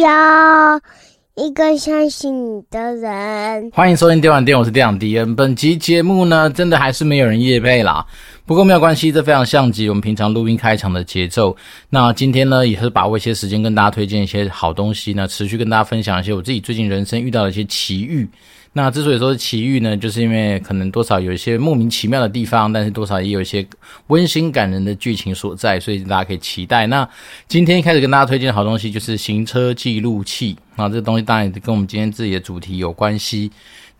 要一個相信你的人。歡迎收聽《電丸殿》，我是電丸 DM。本集節目呢，真的還是沒有人業配啦。不過沒有關係，這非常像極我們平常錄音開場的節奏。那今天呢，也是把握一些時間，跟大家推薦一些好東西呢，持續跟大家分享一些我自己最近人生遇到的一些奇遇。那之所以說是奇遇呢，就是因為可能多少有一些莫名其妙的地方，但是多少也有一些溫馨感人的劇情所在，所以大家可以期待。那今天開始跟大家推薦的好東西就是行車記錄器啊，那這個東西當然跟我們今天自己的主題有關係。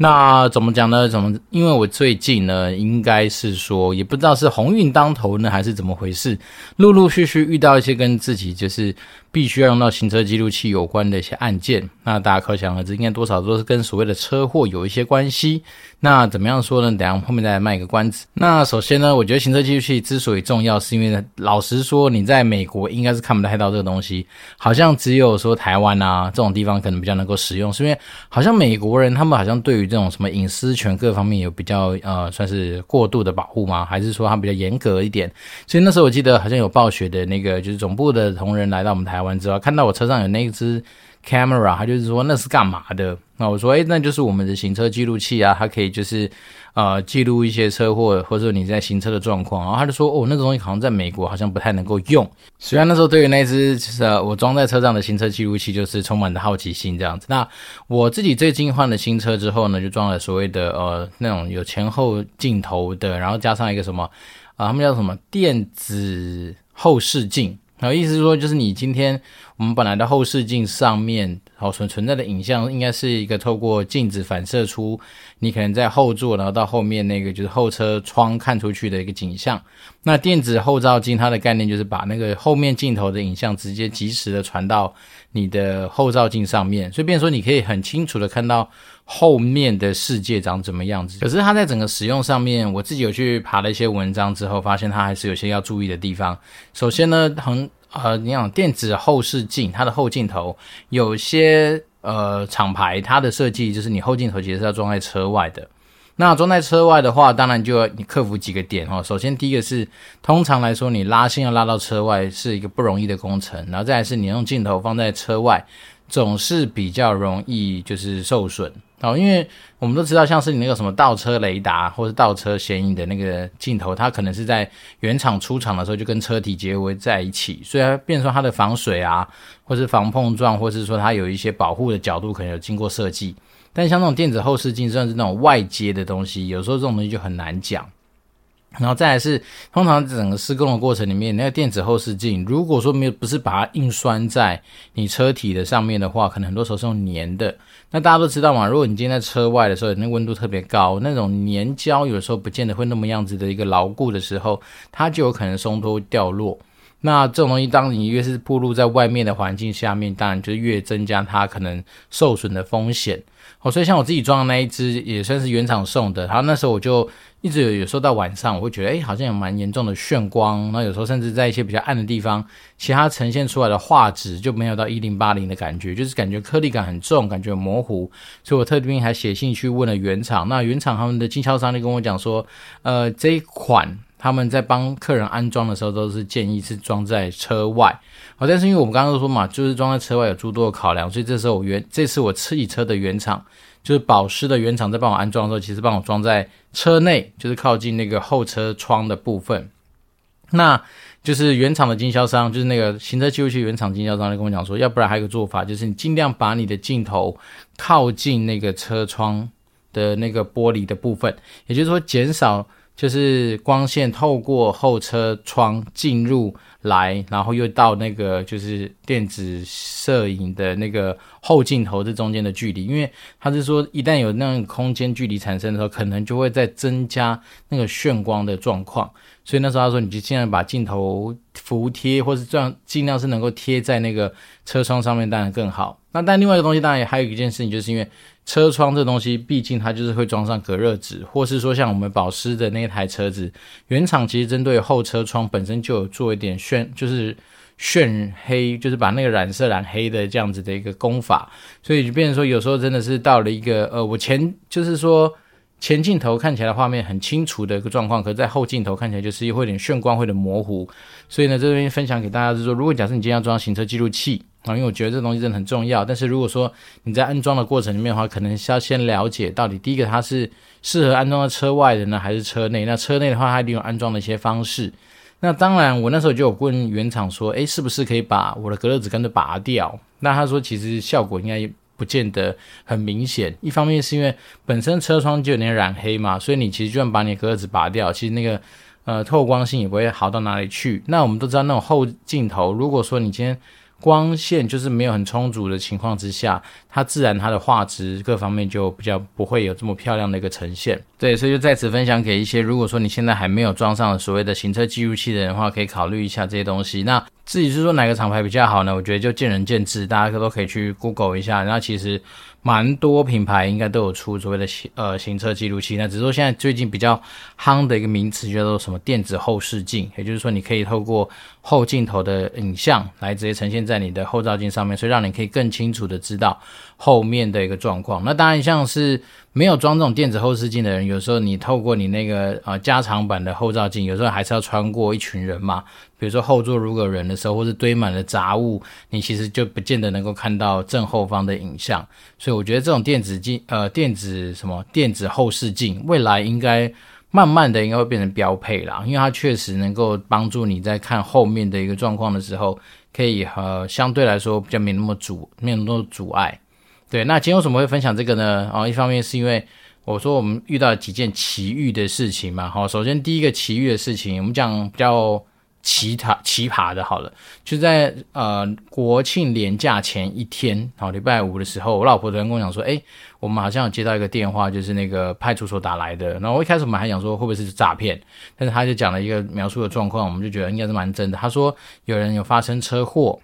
那怎麼講呢？怎麼？因為我最近呢，應該是說也不知道是鴻運當頭呢，還是怎麼回事，陸陸續續遇到一些跟自己就是。必須要用到行車記錄器有關的一些案件，那大家可想而知，應該多少都是跟所謂的車禍有一些關係。那怎麼樣說呢？等一下我們後面再來賣個關子。那首先呢，我覺得行車記錄器之所以重要，是因為老實說，你在美國應該是看不太到這個東西，好像只有說台灣啊這種地方可能比較能夠使用，是因為好像美國人他們好像對於這種什麼隱私權各方面有比較呃算是過度的保護嗎？還是說他比較嚴格一點？所以那時候我記得好像有暴雪的那個就是總部的同仁來到我們台台灣之後看到我車上有那一只 camera，他就是說，那是幹嘛的？那我說誒，那就是我們的行車記錄器啊，它可以就是呃記錄一些車禍或者說你在行車的狀況。然後他就說哦，那個東西好像在美國好像不太能夠用。雖然那時候對於那只就是、啊、我裝在車上的行車記錄器就是充滿著好奇心這樣子。那我自己最近換了新車之後呢，就裝了所謂的呃那種有前後鏡頭的，然後加上一個什麼啊，他們叫什麼電子後視鏡。然後意思是說，就是你今天我們本來的後視鏡上面，好存存在的影像，應該是一個透過鏡子反射出你可能在後座，然後到後面那個就是後車窗看出去的一個景象。那電子後照鏡它的概念就是把那個後面鏡頭的影像直接即時的傳到你的後照鏡上面，所以變成說你可以很清楚的看到。後面的世界長怎麼樣子？可是它在整個使用上面，我自己有去爬了一些文章之後，發現它還是有些要注意的地方。首先呢，很呃，你看電子後視鏡，它的後鏡頭有些呃廠牌，它的設計就是你後鏡頭其實是要裝在車外的。那裝在車外的話，當然就要你克服幾個點哦。首先第一個是，通常來說你拉線要拉到車外是一個不容易的工程，然後再來是，你用鏡頭放在車外總是比較容易就是受損。哦，因為我們都知道，像是你那個什麼倒車雷達或者倒車顯影的那個鏡頭，它可能是在原廠出廠的時候就跟車體結合在一起。雖然變成說它的防水啊，或是防碰撞，或是說它有一些保護的角度，可能有經過設計。但像那種電子後視鏡，算是那種外接的東西，有時候這種東西就很難講。然後再來是，通常整個施工的過程裡面，那個電子後視鏡，如果說沒有，不是把它硬拴在你車體的上面的話，可能很多時候是用粘的。那大家都知道嘛，如果你今天在車外的時候，那個溫度特別高，那種粘膠有的時候不見得會那麼樣子的一個牢固的時候，它就有可能鬆脫掉落。那這種東西，當你越是暴露在外面的環境下面，當然就越增加它可能受損的風險。哦，所以像我自己裝的那一支也算是原廠送的。然後那時候我就一直有，有時候到晚上我會覺得，誒，好像有蠻嚴重的眩光。然後有時候甚至在一些比較暗的地方，其他呈現出來的畫質就沒有到一零八零的感覺，就是感覺顆粒感很重，感覺模糊。所以我特地還寫信去問了原廠，那原廠他們的經銷商就跟我講說，呃，這一款。他們在幫客人安裝的時候，都是建議是裝在車外，好，哦，但是因為我們剛剛都說嘛，就是裝在車外有諸多的考量，所以這時候我原，這次我自己車的原廠就是保時的原廠在幫我安裝的時候，其實幫我裝在車內，就是靠近那個後車窗的部分。那就是原廠的經銷商，就是那個行車記錄器原廠經銷商就跟我講說，要不然還有個做法，就是你儘量把你的鏡頭靠近那個車窗的那個玻璃的部分，也就是說減少。就是光線透過後車窗進入來，然後又到那個就是電子攝影的那個後鏡頭，這中間的距離，因為他是說一旦有那樣空間距離產生的時候，可能就會再增加那個眩光的狀況，所以那時候他說你就儘量把鏡頭服貼，或是這樣儘量是能夠貼在那個車窗上面，當然更好。那但另外一個東西當然也還有一件事情，就是因為。車窗這東西，畢竟它就是會裝上隔熱紙，或是說像我們保濕的那一台車子，原廠其實針對後車窗本身就有做一點炫，就是炫黑，就是把那個染色染黑的這樣子的一個工法，所以就變成說，有時候真的是到了一個，呃，我前就是說。前鏡頭看起來的畫面很清楚的一個狀況，可是，在後鏡頭看起來就是會有點眩光，會有點模糊。所以呢，這邊分享給大家就是說，如果假設你今天要裝行車記錄器啊、哦，因為我覺得這東西真的很重要。但是，如果說你在安裝的過程裡面的話，可能需要先了解到底第一個它是適合安裝在車外的呢，還是車內？那車內的話，它一定有安裝的一些方式。那當然，我那時候就有問原廠說，誒、欸，是不是可以把我的隔熱紙跟着拔掉？那他說，其實效果應該。不見得很明顯，一方面是因為本身車窗就有點染黑嘛，所以你其實就算把你格子拔掉，其實那個呃透光性也不會好到哪裡去。那我們都知道那種後鏡頭，如果說你今天。光線就是沒有很充足的情況之下，它自然它的畫質各方面就比較不會有這麼漂亮的一個呈現。對，所以就在此分享給一些，如果說你現在還沒有裝上所謂的行車記錄器的人的話，可以考慮一下這些東西。那自己是說哪個廠牌比較好呢？我覺得就見仁見智，大家可都可以去 Google 一下。那其實。蠻多品牌應該都有出所謂的行呃行車記錄器，那只是說現在最近比較夯的一個名詞叫做什麼電子後視鏡，也就是說你可以透過後鏡頭的影像來直接呈現在你的後照鏡上面，所以讓你可以更清楚的知道後面的一個狀況。那當然像是。沒有裝這種電子後視鏡的人，有時候你透過你那個啊加長版的後照鏡，有時候還是要穿過一群人嘛。比如說後座如果有人的時候，或是堆滿了雜物，你其實就不見得能夠看到正後方的影像。所以我覺得這種電子鏡，呃，電子什麼電子後視鏡，未來應該慢慢的應該會變成標配啦，因為它確實能夠幫助你在看後面的一個狀況的時候，可以呃相對來說比較沒那麼阻，沒那麼阻礙。對，那今天為什麼會分享這個呢？啊、哦，一方面是因為我說我們遇到了幾件奇遇的事情嘛。好、哦，首先第一個奇遇的事情，我們講比較奇葩奇葩的，好了，就是在呃國慶連假前一天，好、哦、禮拜五的時候，我老婆昨天跟我講說，哎，我們好像有接到一個電話，就是那個派出所打來的。然後我一開始我們還講說會不會是詐騙，但是他就講了一個描述的狀況，我們就覺得應該是蠻真的。他說有人有發生車禍。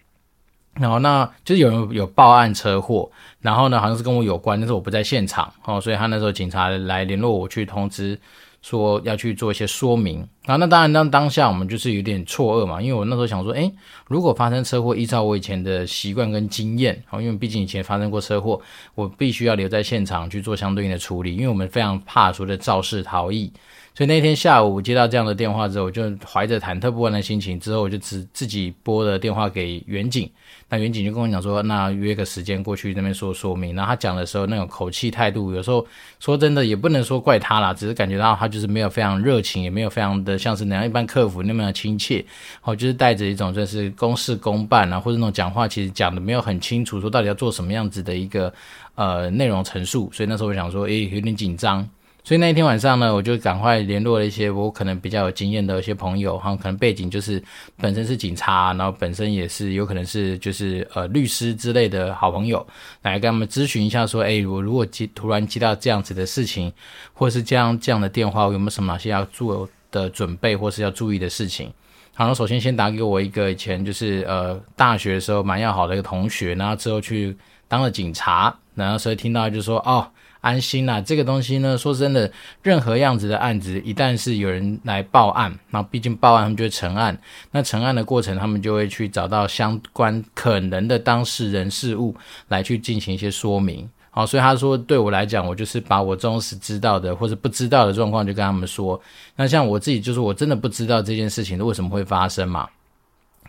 然後那就是有人有報案車禍，然後呢，好像是跟我有關，但是我不在現場哦，所以他那時候警察來聯絡我，我去通知，說要去做一些說明。啊，哦，那當然當當下我們就是有點錯愕嘛，因為我那時候想說，哎，如果發生車禍，依照我以前的習慣跟經驗，哦，因為畢竟以前發生過車禍，我必須要留在現場去做相對應的處理，因為我們非常怕所謂的肇事逃逸。所以那天下午接到這樣的電話之後，我就懷着忐忑不安的心情，之後我就只自己撥了電話給員警，那員警就跟我講說，那約個時間過去那邊說說明。然後他講的時候那種口氣態度，有時候說真的也不能說怪他啦，只是感覺到他就是沒有非常熱情，也沒有非常的像是那樣一般客服那麼的親切，然後就是帶着一種就是公事公辦啊，或者那種講話其實講的沒有很清楚，說到底要做什麼樣子的一個呃內容陳述。所以那時候我想說，誒，有點緊張。所以那一天晚上呢，我就趕快聯絡了一些我可能比較有經驗的一些朋友哈，可能背景就是本身是警察，然後本身也是有可能是就是呃律師之類的好朋友，來跟他們諮詢一下說，哎、欸，我如果接突然接到這樣子的事情，或是這樣這樣的電話，我有沒有什麼需要做的準備或是要注意的事情？好，首先先打給我一個以前就是呃大學的時候蠻要好的一個同學，然後之後去當了警察，然後所以聽到就說哦。安心啦、啊，這個東西呢，說真的，任何樣子的案子，一旦是有人來報案，那畢竟報案他們就會成案，那成案的過程，他們就會去找到相關可能的當事人事物來去進行一些說明。好，所以他說對我來講，我就是把我忠實知道的或者不知道的狀況就跟他們說。那像我自己就是我真的不知道這件事情為什麼會發生嘛。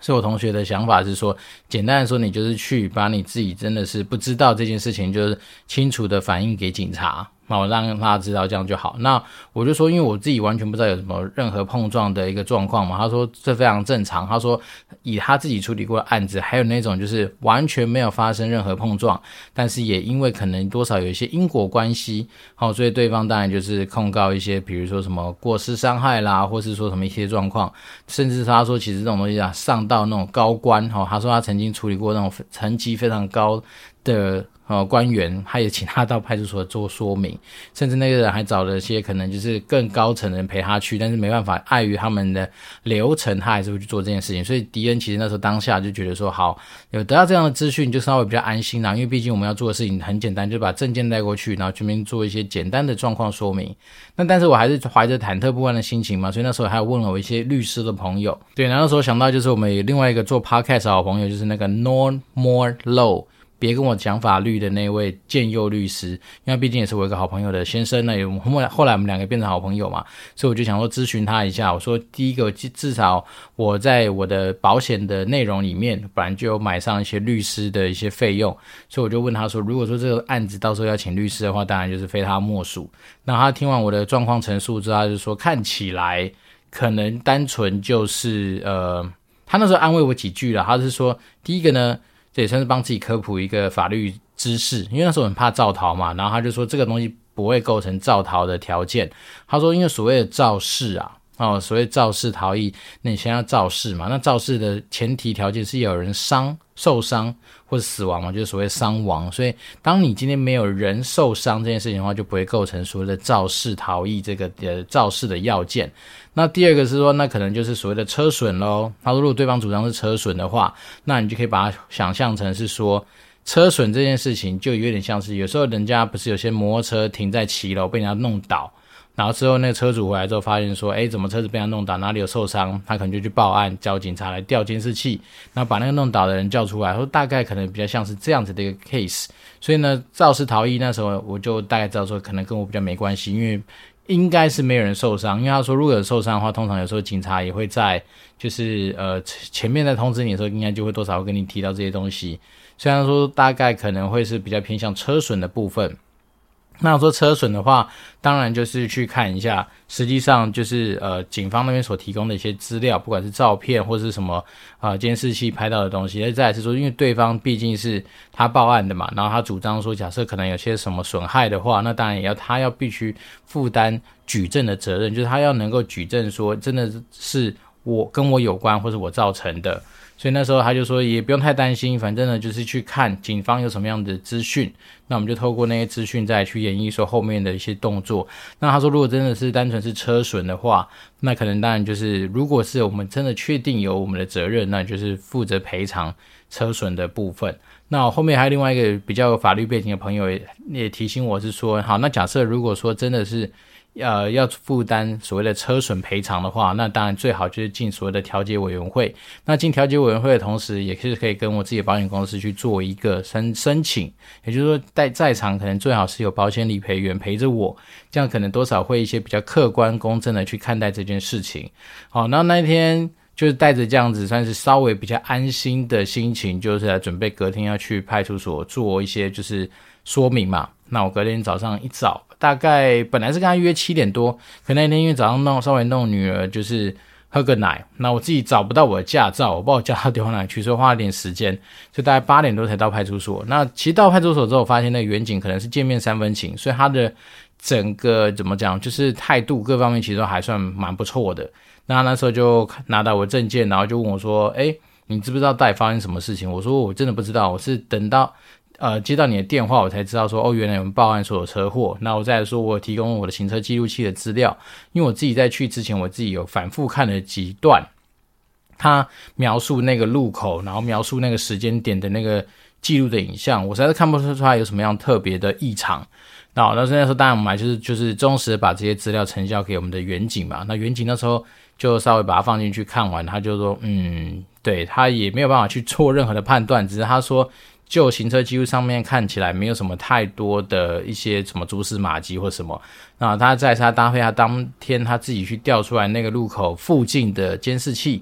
所以我同學的想法是說，簡單的說，你就是去把你自己真的是不知道這件事情，就是清楚的反映給警察。好，那我讓他知道這樣就好。那我就說，因為我自己完全不知道有什麼任何碰撞的一個狀況嘛。他說這非常正常。他說以他自己處理過的案子，還有那種就是完全沒有發生任何碰撞，但是也因為可能多少有一些因果關係，好、哦，所以對方當然就是控告一些，比如說什麼過失傷害啦，或是說什麼一些狀況，甚至他說其實這種東西啊，上到那種高官，哈、哦，他說他曾經處理過那種層級非常高的。呃，官員，他也請他到派出所做說明，甚至那個人還找了一些可能就是更高層的人陪他去，但是沒辦法，礙於他們的流程，他還是會去做這件事情。所以迪恩其實那時候當下就覺得說，好，有得到這樣的資訊你就稍微比較安心啦，因為畢竟我們要做的事情很簡單，就是把證件帶過去，然後全面做一些簡單的狀況說明。那但是我還是懷着忐忑不安的心情嘛，所以那時候我還有問了一些律師的朋友。對，然後那時候想到就是我們有另外一個做 podcast 的好朋友，就是那個 Norm Moore Low。別跟我講法律的那位建佑律師，因為畢竟也是我一個好朋友的先生呢，也後來後來我們兩個變成好朋友嘛，所以我就想說諮詢他一下。我說第一個至少我在我的保險的內容裡面，本來就有買上一些律師的一些費用，所以我就問他說，如果說這個案子到時候要請律師的話，當然就是非他莫屬。那他聽完我的狀況陳述之後，他就說看起來可能單純就是呃，他那時候安慰我幾句了，他是說第一個呢。也算是幫自己科普一個法律知識，因為那時候很怕肇逃嘛，然後他就說這個東西不會構成肇逃的條件。他說，因為所謂的肇事啊，哦，所謂肇事逃逸，那你先要肇事嘛，那肇事的前提條件是要有人傷、受傷或者死亡嘛，就是所謂傷亡。所以，當你今天沒有人受傷這件事情的話，就不會構成所謂的肇事逃逸這個呃肇事的要件。那第二個是說，那可能就是所謂的車損咯。他說，如果對方主張是車損的話，那你就可以把它想象成是說，車損這件事情就有點像是有時候人家不是有些摩托車停在騎樓被人家弄倒，然後之後那個車主回來之後發現說，誒，怎麼車子被人家弄倒，哪裡有受傷，他可能就去報案，叫警察來調監視器，然後把那個弄倒的人叫出來，說大概可能比較像是這樣子的一個 case。所以呢，肇事逃逸那時候我就大概知道說，可能跟我比較沒關係，因為。應該是沒有人受傷，因為他說，如果有受傷的話，通常有時候警察也會在，就是呃前面在通知你的時候，應該就會多少會跟你提到這些東西。雖然說大概可能會是比較偏向車損的部分。那說車損的話，當然就是去看一下，實際上就是呃警方那邊所提供的一些資料，不管是照片或是什麼啊呃、監視器拍到的東西，再來是說，因為對方畢竟是他報案的嘛，然後他主張說，假設可能有些什麼損害的話，那當然也要他要必須負擔舉證的責任，就是他要能夠舉證說真的是我跟我有關或是我造成的。所以那時候他就說也不用太擔心，反正呢就是去看警方有什麼樣的資訊，那我們就透過那些資訊再去演繹說後面的一些動作。那他說如果真的是單純是車損的話，那可能當然就是如果是我們真的確定有我們的責任，那就是負責賠償車損的部分。那後面還有另外一個比較有法律背景的朋友也也提醒我是說，好，那假設如果說真的是。呃，要負擔所謂的車損賠償的話，那當然最好就是進所謂的調解委員會。那進調解委員會的同時，也是可以跟我自己的保險公司去做一個申申請。也就是說在，在在場可能最好是有保險理賠員陪着我，這樣可能多少會一些比較客觀公正的去看待這件事情。好，哦，那那天就是帶着這樣子，算是稍微比較安心的心情，就是來準備隔天要去派出所做一些就是。說明嘛，那我隔天早上一早，大概本來是跟他約七點多，可那天因為早上弄稍微弄女兒，就是喝個奶，那我自己找不到我的駕照，我不知道駕照丟哪去，所以花了點時間，所以大概八點多才到派出所。那其實到派出所之後，發現那個員警可能是見面三分情，所以他的整個怎麼講，就是態度各方面其實還算蠻不錯的。那他那時候就拿到我的證件，然後就問我說：“誒，你知不知道到底發生什麼事情？”我說：“我真的不知道，我是等到。”呃，接到你的電話，我才知道說，哦，原來我們報案說有車禍。那我再來說，我有提供我的行車記錄器的資料，因為我自己在去之前，我自己有反覆看了幾段，他描述那個路口，然後描述那個時間點的那個記錄的影像，我實在是看不出出來有什麼樣特別的異常。那那現在說，當然我們還、就是就是忠實的把這些資料呈交給我們的員警嘛。那員警那時候就稍微把它放進去看完，他就說，嗯，對，他也沒有辦法去做任何的判斷，只是他說。舊行車記錄上面看起來沒有什麼太多的一些什麼蛛絲馬跡或什麼，那他在他搭配他當天他自己去調出來那個路口附近的監視器，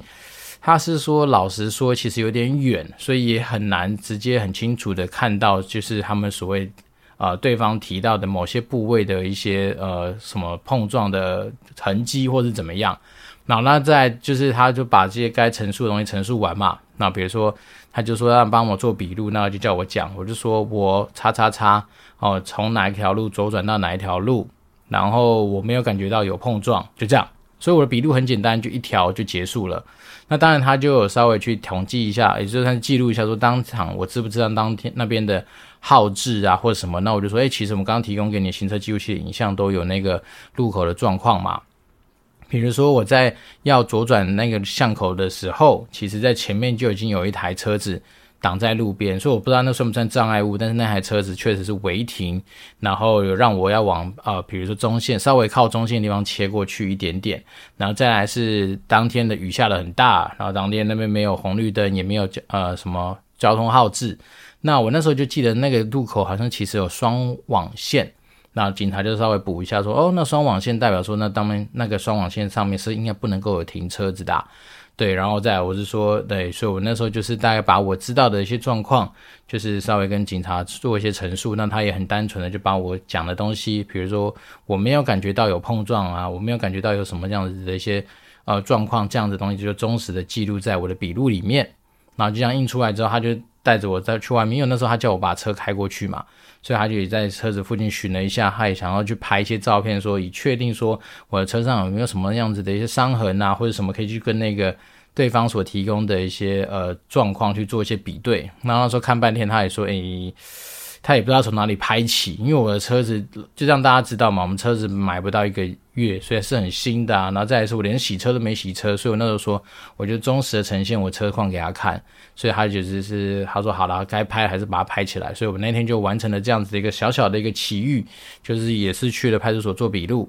他是說老實說，其實有點遠，所以也很難直接很清楚的看到，就是他們所謂呃對方提到的某些部位的一些呃什麼碰撞的痕跡或是怎麼樣，那那在就是他就把這些該陳述的東西陳述完嘛。那比如說，他就說要幫我做筆錄，那就叫我講，我就說我叉叉叉哦，從哪一條路左轉到哪一條路，然後我沒有感覺到有碰撞，就這樣。所以我的筆錄很簡單，就一條就結束了。那當然，他就有稍微去統計一下，也就算記錄一下，說當場我知不知道當天那邊的號志啊或者什麼？那我就說，哎、欸，其實我們剛剛提供給你的行車記錄器的影像都有那個路口的狀況嘛。比如說我在要左轉那個巷口的時候，其實在前面就已經有一台車子擋在路邊，所以我不知道那算不算障礙物，但是那台車子確實是違停，然後有讓我要往啊、呃，比如說中線稍微靠中線的地方切過去一點點，然後再來是當天的雨下得很大，然後當天那邊沒有紅綠燈，也沒有交呃什麼交通號志，那我那時候就記得那個路口好像其實有雙網線。那警察就稍微補一下，說：“哦，那雙黃線代表說，那當面那個雙黃線上面是應該不能夠有停車子的啊，對。然後再來我是說，對，所以我那時候就是大概把我知道的一些狀況，就是稍微跟警察做一些陳述。那他也很單純的就把我講的東西，比如說我沒有感覺到有碰撞啊，我沒有感覺到有什麼這樣子的一些呃狀況這樣的東西，就忠實的記錄在我的筆錄裡面。”然後就這樣印出來之後，他就帶着我再去外面，因為那時候他叫我把車開過去嘛，所以他就也在車子附近巡了一下，他也想要去拍一些照片說，說以確定說我的車上有沒有什麼樣子的一些傷痕啊，或者什麼可以去跟那個對方所提供的一些呃狀況去做一些比對。然後那時候看半天，他也說，誒，他也不知道從哪裡拍起，因為我的車子，就讓大家知道嘛，我們車子買不到一個月，yeah, 所以是很新的啊。然後再來是我連洗車都沒洗車，所以我那時候說，我就忠實的呈現我車況給他看，所以他覺得是,是他說好了，該拍還是把它拍起來。所以，我們那天就完成了這樣子的一個小小的一個奇遇，就是也是去了派出所做筆錄。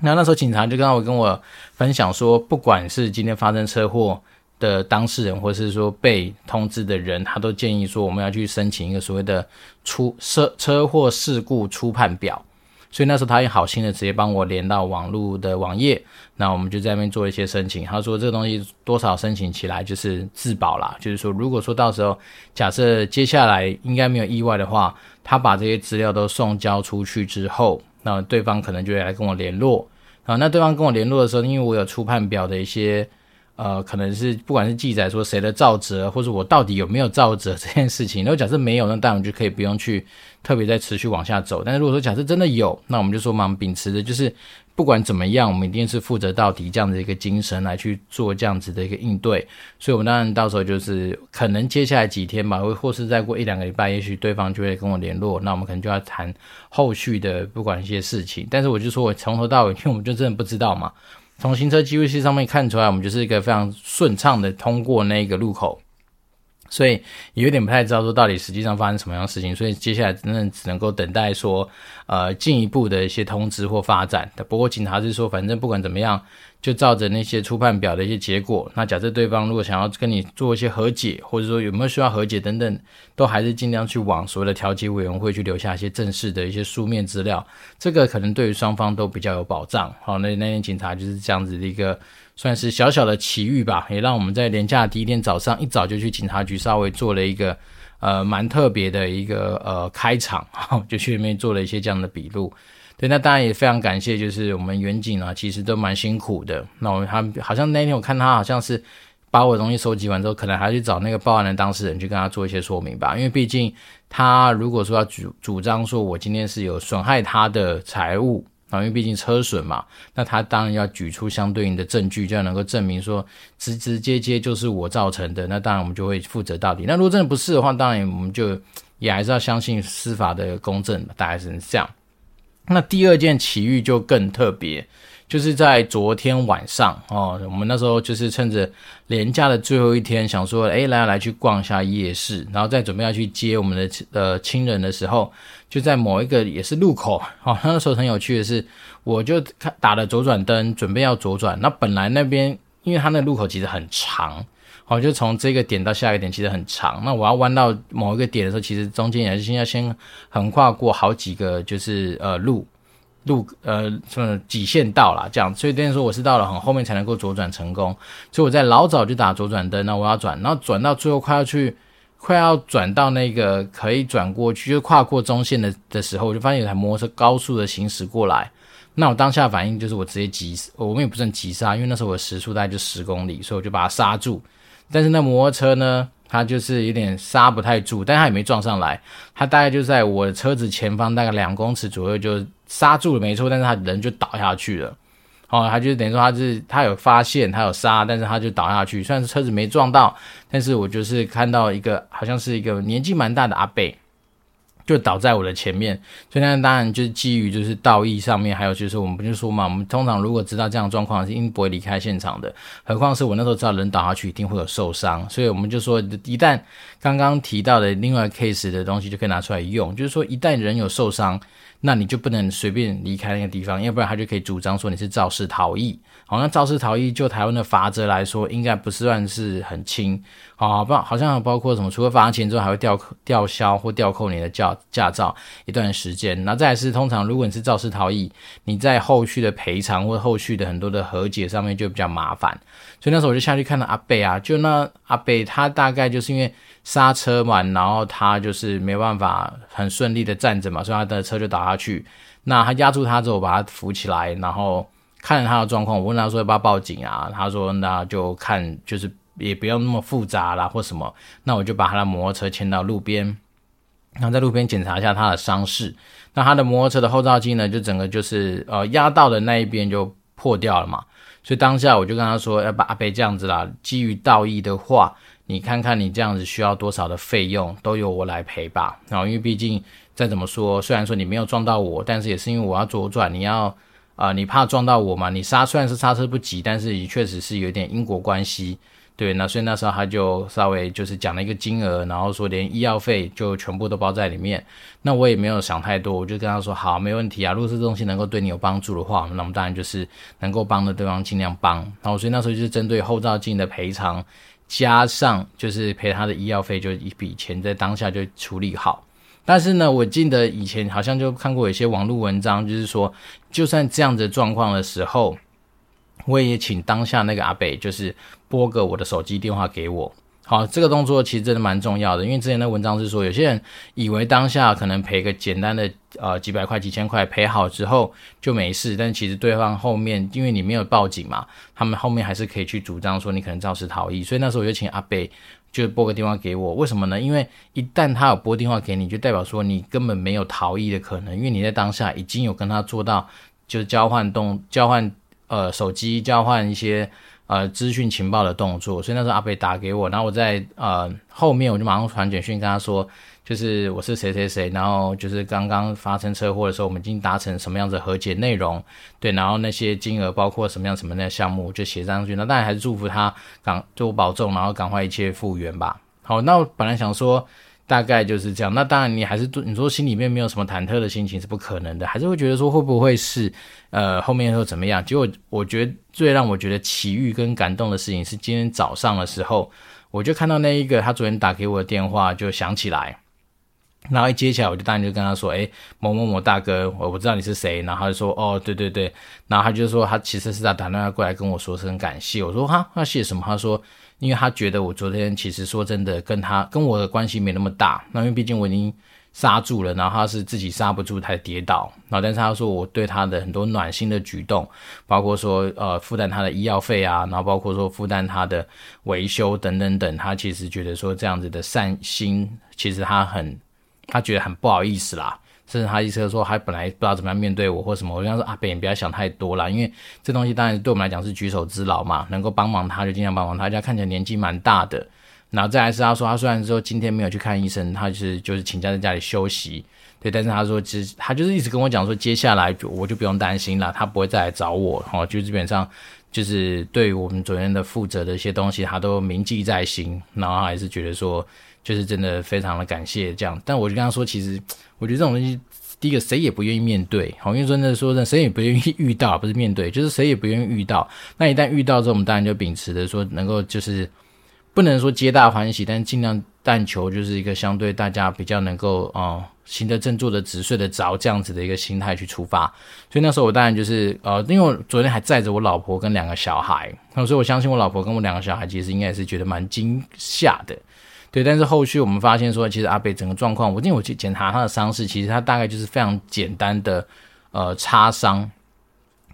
那那時候警察就剛我跟我分享說，不管是今天發生車禍的當事人，或是說被通知的人，他都建議說，我們要去申請一個所謂的初車車禍事故初判表。所以那時候他也好心的直接幫我連到網絡的網頁，那我們就在那邊做一些申請。他說，這個東西多少申請起來就是自保啦。就是說如果說到時候假設接下來應該沒有意外的話，他把這些資料都送交出去之後，那對方可能就會來跟我聯絡啊。那對方跟我聯絡的時候，因為我有初判表的一些呃，可能是不管是記載說誰的肇責，或者我到底有沒有肇責這件事情，然後假設沒有，那當然我們就可以不用去。特別在持續往下走，但是如果說假設真的有，那我們就說嘛，我們秉持著就是不管怎麼樣，我們一定是負責到底這樣的一個精神來去做這樣子的一個應對。所以，我們當然到時候就是可能接下來幾天吧，或或是再過一兩個禮拜，也許對方就會跟我聯絡，那我們可能就要談後續的不管一些事情。但是我就說我從頭到尾，因為我們就真的不知道嘛，從行車記錄器上面看出來，我們就是一個非常順暢的通過那個路口。所以也有點不太知道說到底實際上發生什麼樣的事情，所以接下來真的只能夠等待說，呃，進一步的一些通知或發展。不過警察就是說，反正不管怎麼樣，就照着那些初判表的一些結果。那假設對方如果想要跟你做一些和解，或者說有沒有需要和解等等，都還是盡量去往所謂的調解委員會去留下一些正式的一些書面資料。這個可能對於雙方都比較有保障。好，那那天警察就是這樣子的一個。算是小小的奇遇吧，也讓我們在連假第一天早上一早就去警察局，稍微做了一個呃蠻特別的一個呃開場，就去裡面做了一些這樣的筆錄。對，那當然也非常感謝，就是我們員警啊，其實都蠻辛苦的。那我們他好像那天我看他好像是把我的東西收集完之後，可能還要去找那個報案的當事人去跟他做一些說明吧，因為畢竟他如果說要主主張說我今天是有損害他的財物。因為畢竟車損嘛，那他當然要舉出相對應的證據，這樣能夠證明說直直接接就是我造成的。那當然我們就會負責到底。那如果真的不是的話，當然我們就也還是要相信司法的公正，大概是這樣。那第二件奇遇就更特別，就是在昨天晚上哦，我們那時候就是趁着連假的最後一天，想說哎來、啊、來去逛一下夜市，然後再準備要去接我們的呃親人的時候。就在某一個也是路口，哦，那時候很有趣的是，我就打了左轉燈，準備要左轉。那本來那邊，因為它那路口其實很長，哦，就從這個點到下一個點其實很長。那我要彎到某一個點的時候，其實中間也是先要先橫跨過好幾個就是呃路路呃什麼幾線道啦這樣。所以等於說我是到了很後面才能夠左轉成功，所以我在老早就打左轉燈，那我要轉，然後轉到最後快要去。快要轉到那個可以轉過去，就是跨過中線的的時候，我就發現有台摩托車高速的行駛過來。那我當下反應就是我直接急，我們也不算急剎，因為那時候我的時速大概就十公里，所以我就把它剎住。但是那摩托車呢，它就是有點剎不太住，但它也沒撞上來，它大概就在我的車子前方大概兩公尺左右就剎住了，沒錯。但是他人就倒下去了。哦，他就是等於說，他是他有發現，他有剎，但是他就倒下去。雖然車子沒撞到，但是我就是看到一個，好像是一個年紀蠻大的阿伯，就倒在我的前面。所以那當然就是基於就是道義上面，還有就是我們不就說嘛，我們通常如果知道這樣狀況是，一定不會離開現場的。何況是我那時候知道人倒下去一定會有受傷，所以我們就說，一旦剛剛提到的另外一個 case 的東西就可以拿出來用，就是說一旦人有受傷。那你就不能隨便離開那個地方，要不然他就可以主張說你是肇事逃逸。好、哦，那肇事逃逸就台灣的罰則來說，應該不是算是很輕、啊。好，不好像還包括什麼，除了罰錢之後，還會吊吊銷或吊扣你的駕駕照一段時間。那再來是通常如果你是肇事逃逸，你在後續的賠償或後續的很多的和解上面就比較麻煩。所以那時候我就下去看到阿伯啊，就那阿伯他大概就是因為剎車嘛，然後他就是沒辦法很順利的站着嘛，所以他的車就倒下去。那他壓住他之後，把他扶起來，然後。看了他的狀況，我問他說要不要報警啊？他說那就看，就是也不用那麼複雜啦，或什麼。那我就把他的摩托車牽到路邊，然後在路邊檢查一下他的傷勢。那他的摩托車的後照鏡呢，就整個就是呃壓到的那一邊就破掉了嘛。所以當下我就跟他說，要、呃、把阿伯這樣子啦，基於道義的話，你看看你這樣子需要多少的費用，都由我來賠吧。然、哦、後因為畢竟再怎麼說，雖然說你沒有撞到我，但是也是因為我要左轉，你要。啊、呃，你怕撞到我嘛？你剎雖然是剎車不及，但是也確實是有點因果關係。對，那所以那時候他就稍微就是講了一個金額，然後說連醫藥費就全部都包在裡面。那我也沒有想太多，我就跟他說好，沒問題啊。如果這東西能夠對你有幫助的話，那我們當然就是能夠幫的對方盡量幫。然後所以那時候就是針對後照鏡的賠償，加上就是賠他的醫藥費，就一筆錢在當下就處理好。但是呢，我記得以前好像就看過一些網絡文章，就是說，就算這樣子的狀況的時候，我也請當下那個阿伯，就是撥個我的手機電話給我。好，這個動作其實真的蠻重要的，因為之前那文章是說，有些人以為當下可能賠個簡單的，呃，幾百塊、幾千塊賠好之後就沒事，但其實對方後面因為你沒有報警嘛，他們後面還是可以去主張說你可能肇事逃逸，所以那時候我就請阿伯。就撥個電話給我，為什麼呢？因為一旦他有撥電話給你，就代表說你根本沒有逃逸的可能，因為你在當下已經有跟他做到，就是交換動、交換呃手機、交換一些呃資訊情報的動作。所以那時候阿北打給我，然後我在呃後面我就馬上傳簡訊跟他說。就是我是誰誰誰，然後就是剛剛發生車禍的時候，我們已經達成什麼樣的和解內容，對，然後那些金額包括什麼樣什麼樣的項目就寫上去，那當然還是祝福他，趕多保重，然後趕快一切復原吧。好，那我本來想說大概就是這樣。那當然你還是你說心裡面沒有什麼忐忑的心情是不可能的，還是會覺得說，會不會是呃後面又怎麼樣？結果我覺得最讓我覺得奇遇跟感動的事情是今天早上的時候，我就看到那一個他昨天打給我的電話，就想起來。然後一接起來，我就當然就跟他說：“哎，某某某大哥，我不知道你是誰。”然後他就說：“哦，對對對。”然後他就說：“他其實是在打電話過來跟我說聲感謝。”我說：“哈，他謝什麼？”他說：“因為他覺得我昨天其實說真的，跟他跟我的關係沒那麼大。那因為畢竟我已經剎住了，然後他是自己剎不住才跌倒。然後但是他說我對他的很多暖心的舉動，包括說呃負擔他的醫藥費啊，然後包括說負擔他的維修等等等，他其實覺得說這樣子的善心，其實他很。”他覺得很不好意思啦，甚至他意思說他本來不知道怎麼樣面對我或什麼，我就說啊，別不要想太多啦，因為這東西當然對我們來講是舉手之勞嘛，能夠幫忙他就盡量幫忙他。他家看起來年紀蠻大的，然後再來是他說他雖然說今天沒有去看醫生，他就是就是請假在家裡休息，對，但是他說其實他就是一直跟我講說，接下來我就不用擔心了，他不會再來找我，哦，就基本上就是對於我們昨天的負責的一些東西，他都銘記在心，然後還是覺得說。就是真的非常的感謝這樣，但我就跟他說，其實我覺得這種東西，第一個誰也不願意面對，好，因為真的說真的，的誰也不願意遇到，不是面對，就是誰也不願意遇到。那一旦遇到之後，我們當然就秉持著說，能夠就是不能說皆大歡喜，但儘量但求就是一個相對大家比較能夠哦、呃、行得正、坐得直、睡得着這樣子的一個心態去出發。所以那時候我當然就是呃，因為我昨天還載着我老婆跟兩個小孩、呃，所以我相信我老婆跟我兩個小孩其實應該也是覺得蠻驚嚇的。對，但是後續我們發現說，其實阿北整個狀況，我今天我去檢查他的傷勢，其實他大概就是非常簡單的，呃，擦傷。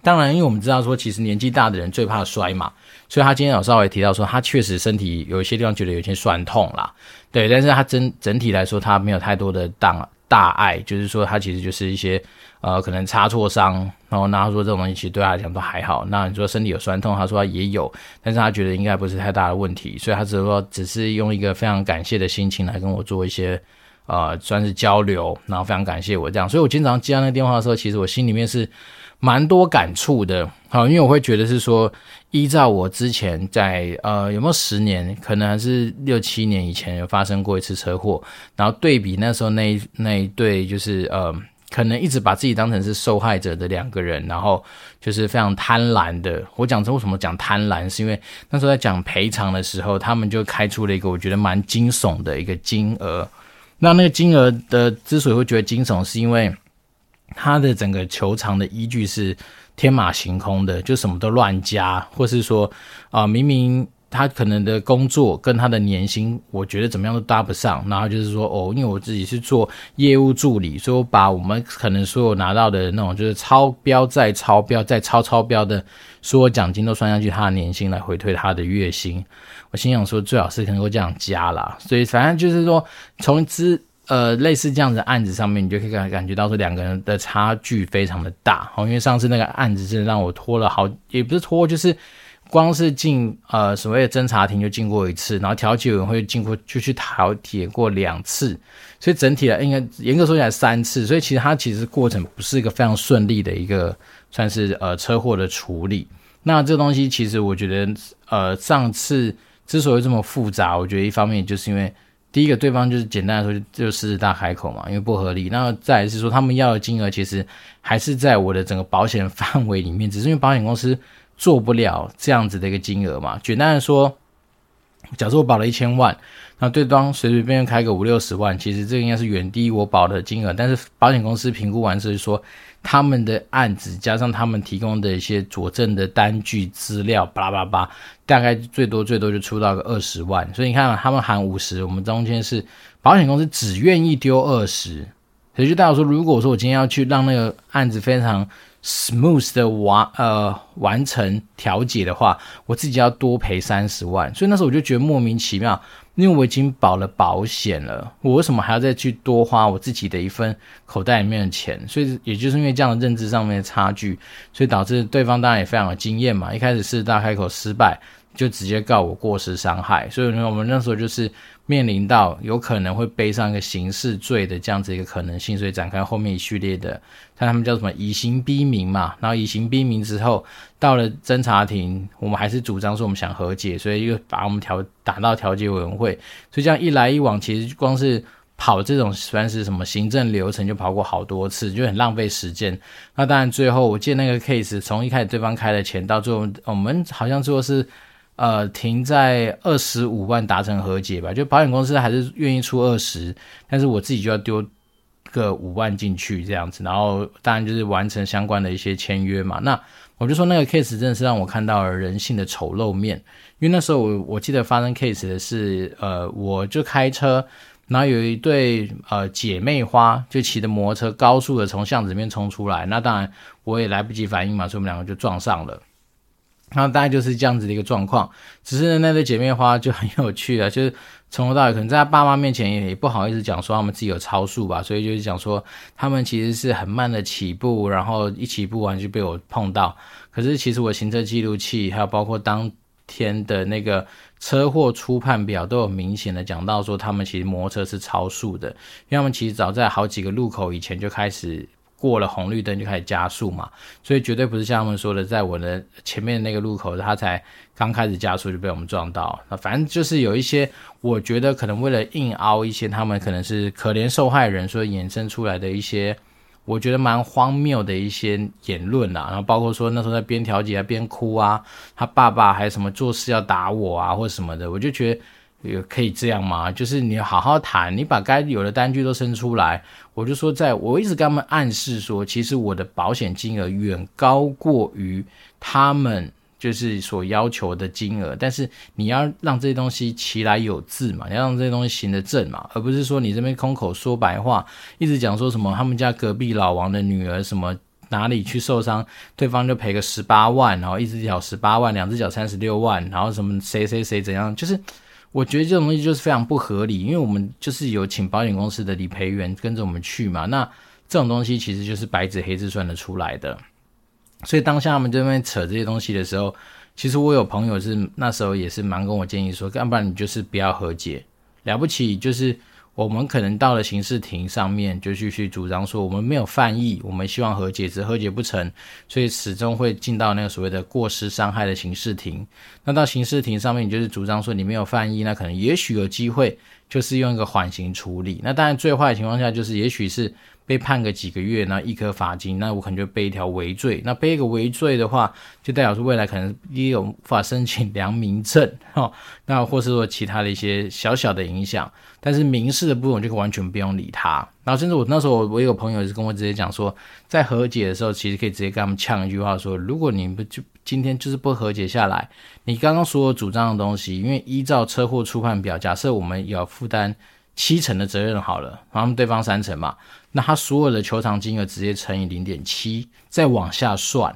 當然，因為我們知道說，其實年紀大的人最怕摔嘛，所以他今天早上我也提到說，他確實身體有一些地方覺得有些酸痛啦。對，但是他整整體來說，他沒有太多的檔了、啊。大礙，就是說，他其實就是一些呃，可能擦挫傷，然後他說這種東西其實對他來講都還好。那你說身體有痠痛，他說他也有，但是他覺得應該不是太大的問題，所以他只是說，只是用一個非常感謝的心情來跟我做一些呃，算是交流，然後非常感謝我這樣。所以我經常接到那個電話的時候，其實我心裡面是。蠻多感觸的，好、哦，因為我會覺得是說，依照我之前在呃，有沒有十年，可能還是六七年以前有發生過一次車禍，然後對比那時候那一那一對就是呃，可能一直把自己當成是受害者的兩個人，然後就是非常貪婪的。我講為什麼講貪婪，是因為那時候在講賠償的時候，他們就開出了一個我覺得蠻驚悚的一個金額。那那個金額的之所以會覺得驚悚，是因為。他的整個求償的依據是天馬行空的，就什麼都亂加，或是說啊、呃，明明他可能的工作跟他的年薪，我覺得怎麼樣都搭不上。然後就是說，哦，因為我自己是做業務助理，所以我把我們可能所有拿到的那種就是超標再超標再超超標的所有獎金都算上去，他的年薪來回推他的月薪。我心想說，最好是能夠這樣加啦。所以反正就是說從資。呃，類似這樣子的案子上面，你就可以感感覺到說，兩個人的差距非常的大，好，因為上次那個案子是讓我拖了好，也不是拖，就是光是進呃所謂的偵查庭就進過一次，然後調解委員會進過，就去調解過兩次，所以整體的應該嚴格說起來三次，所以其實他其實過程不是一個非常順利的一個算是呃車禍的處理。那這東西其實我覺得呃上次之所以這麼複雜，我覺得一方面也就是因為。第一個，對方就是簡單來說就獅子大開口嘛，因為不合理。那再來是說，他們要的金額其實還是在我的整個保險範圍裡面，只是因為保險公司做不了這樣子的一個金額嘛。簡單的說，假設我保了一千萬，那對方隨隨便便開個五六十萬，其實這個應該是遠低於我保的金額，但是保險公司評估完之後就說。他們的案子加上他們提供的一些佐證的單據資料，巴拉巴拉巴拉，大概最多最多就出到個二十萬。所以你看，他們喊五十，我們中間是保險公司只願意丟二十，所以就代表說，如果說我今天要去讓那個案子非常 smooth 的完呃完成調解的話，我自己要多賠三十萬。所以那時候我就覺得莫名其妙。因為我已經保了保險了，我為什麼還要再去多花我自己的一份口袋裡面的錢？所以，也就是因為這樣的認知上面的差距，所以導致對方當然也非常有經驗嘛。一開始是大開口失敗。就直接告我過失傷害，所以呢，我們那時候就是面臨到有可能會背上一個刑事罪的這樣子一個可能性，所以展開後面一系列的，像他們叫什麼以刑逼民嘛，然後以刑逼民之後，到了偵查庭，我們還是主張說我們想和解，所以又把我們調打到調解委員會，所以這樣一來一往，其實光是跑這種算是什麼行政流程就跑過好多次，就很浪費時間。那當然最後我借那個 case，從一開始對方開了錢到最後我，我們好像做的是。呃，停在二十五萬達成和解吧，就保險公司還是願意出二十，但是我自己就要丟個五萬進去這樣子，然後當然就是完成相關的一些簽約嘛。那我就說那個 case 真的是讓我看到了人性的醜陋面，因為那時候我我記得發生 case 的是，呃，我就開車，然後有一對呃姐妹花就騎着摩托車高速的從巷子裡面衝出來，那當然我也來不及反應嘛，所以我們兩個就撞上了。然後、啊、大概就是這樣子的一個狀況，只是呢那對姐妹花就很有趣啊，就是從頭到尾可能在她爸媽面前也，也不好意思講說他們自己有超速吧，所以就是講說他們其實是很慢的起步，然後一起步完就被我碰到，可是其實我行車記錄器還有包括當天的那個車禍初判表都有明顯的講到說他們其實摩托車是超速的，因為他們其實早在好幾個路口以前就開始，過了紅綠燈就開始加速嘛，所以絕對不是像他們說的，在我的前面的那個路口，他才剛開始加速就被我們撞到。那反正就是有一些，我覺得可能為了硬凹一些，他們可能是可憐受害人，所以衍生出來的一些，我覺得蠻荒謬的一些言論啦。然後包括說那時候在邊調解邊哭啊，他爸爸還什麼做事要打我啊，或什麼的，我就覺得。也可以這樣嗎？就是你好好談，你把該有的單據都生出來，我就說在，在我一直跟他們暗示說，其實我的保險金額遠高過於他們就是所要求的金額，但是你要讓這些東西其來有自嘛，你要讓這些東西行得正嘛，而不是說你這邊空口說白話，一直講說什麼他們家隔壁老王的女兒什麼哪裡去受傷，對方就賠個十八萬，然後一隻腳十八萬，兩隻腳三十六萬，然後什麼誰誰誰怎樣，就是。我覺得這種東西就是非常不合理，因為我們就是有請保險公司的理賠員跟着我們去嘛，那這種東西其實就是白紙黑字算得出來的，所以當下我們這邊扯這些東西的時候，其實我有朋友是那時候也是蠻跟我建議說，要不然你就是不要和解，了不起就是。我們可能到了刑事庭上面，就繼續主張說我們沒有犯意，我們希望和解，只和解不成，所以始終會進到那個所謂的過失傷害的刑事庭。那到刑事庭上面，你就是主張說你沒有犯意，那可能也許有機會就是用一個緩刑處理。那當然最壞的情況下就是也許是。被判個幾個月，然後一科罰金，那我可能就背一條違罪。那背一個違罪的話，就代表說未來可能也有無法申請良民證哈、哦，那或是說其他的一些小小的影響。但是民事的部分我就完全不用理他。然後甚至我那時候我也有朋友是跟我直接講說，在和解的時候，其實可以直接跟他們嗆一句話說：，如果你不就今天就是不和解下來，你剛剛所有主張的東西，因為依照車禍初判表，假設我們也要負擔七成的責任好了，然後對方三成嘛。他所有的求償金額直接乘以零點七，再往下算，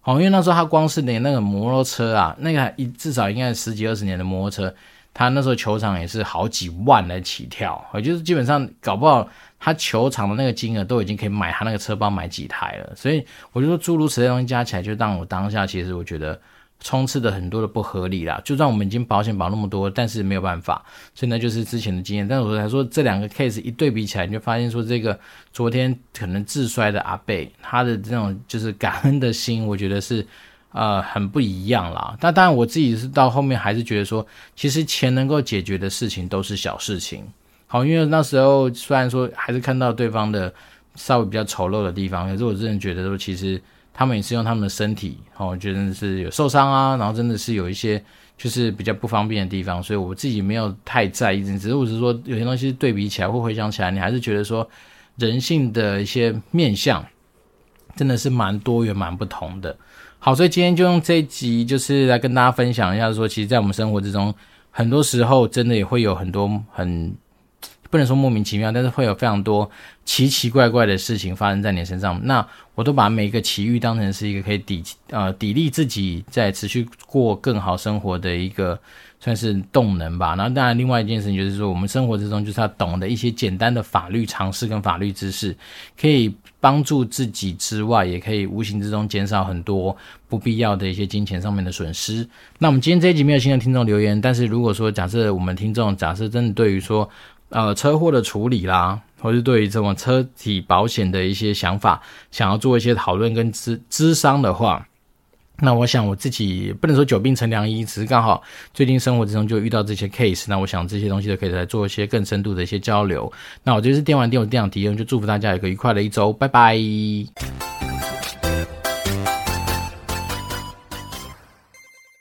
好。因為那時候他光是連那個摩托車啊，那個一至少應該十幾二十年的摩托車，他那時候求償也是好幾萬來起跳，我就是基本上搞不好他求償的那個金額都已經可以買他那個車幫買幾台了，所以我就說諸如此類東西加起來，就讓我當下其實我覺得。充斥的很多的不合理啦，就算我們已經保險保那麼多，但是沒有辦法，所以呢就是之前的經驗。但是我才說這兩個 case 一對比起來，你就發現說這個昨天可能自摔的阿伯，他的這種就是感恩的心，我覺得是呃很不一樣啦。但當然我自己是到後面還是覺得說，其實錢能夠解決的事情都是小事情。好，因為那時候雖然說還是看到對方的稍微比較醜陋的地方，可是我真的覺得說其實。他們也是用他們的身體，哦，覺得是有受傷啊，然後真的是有一些就是比較不方便的地方，所以我自己沒有太在意，只是我是說有些東西對比起來，或回想起來，你還是覺得說人性的一些面向真的是蠻多元、蠻不同的。好，所以今天就用這一集，就是來跟大家分享一下說，說其實，在我們生活之中，很多時候真的也會有很多很。不能說莫名其妙，但是會有非常多奇奇怪怪的事情發生在你身上。那我都把每一個奇遇當成是一個可以抵呃砥礪自己，在持續過更好生活的一個算是動能吧。然後當然，另外一件事情就是說，我們生活之中就是要懂得一些簡單的法律常識跟法律知識，可以幫助自己之外，也可以無形之中減少很多不必要的一些金錢上面的損失。那我們今天這一集沒有新的聽眾留言，但是如果說假設我們聽眾假設真的對於說。呃，車禍的處理啦，或是對於這種車體保險的一些想法，想要做一些討論跟諮商的話，那我想我自己不能說久病成良醫，只是剛好最近生活之中就遇到這些 case，那我想這些東西都可以來做一些更深度的一些交流。那我這次是電丸殿，我電丸殿體驗，就祝福大家有個愉快的一周，拜拜。